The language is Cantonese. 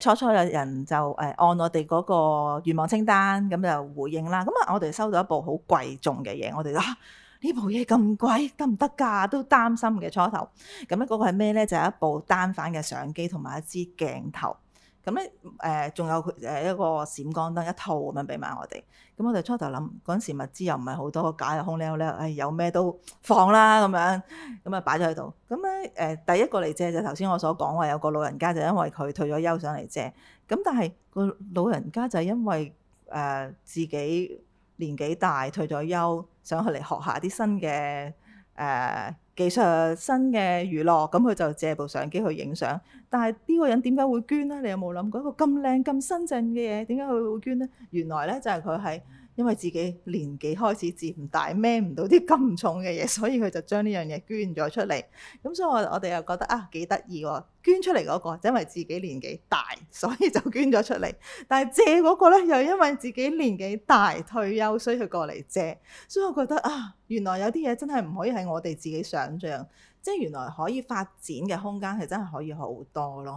初初有人就誒按我哋嗰個願望清單咁就回應啦，咁啊我哋收到一部好貴重嘅嘢，我哋話呢部嘢咁貴得唔得噶？都擔心嘅初頭，咁咧嗰個係咩咧？就係一部單反嘅相機同埋一支鏡頭。咁咧，誒仲、嗯嗯、有佢一個閃光燈一套咁樣俾埋我哋。咁、嗯、我哋初頭諗嗰陣時物資又唔係好多，架又空溜溜，咧、哎，有咩都放啦咁樣，咁啊擺咗喺度。咁咧誒第一個嚟借就係頭先我所講話有個老人家，就因為佢退咗休上嚟借。咁、嗯、但係個老人家就係因為誒、呃、自己年紀大，退咗休，想去嚟學下啲新嘅誒。呃技術新嘅娛樂，咁佢就借部相機去影相。但係呢個人點解會捐呢？你有冇諗過？一個咁靚咁新淨嘅嘢，點解佢會捐呢？原來呢，就係佢係因為自己年紀開始漸唔大，孭唔到啲咁重嘅嘢，所以佢就將呢樣嘢捐咗出嚟。咁所以我我哋又覺得啊幾得意喎！捐出嚟嗰個，就因為自己年紀大，所以就捐咗出嚟。但係借嗰個呢，又因為自己年紀大退休，所以佢過嚟借。所以我覺得啊，原來有啲嘢真係唔可以係我哋自己想。想象，即係原來可以發展嘅空間係真係可以好多咯。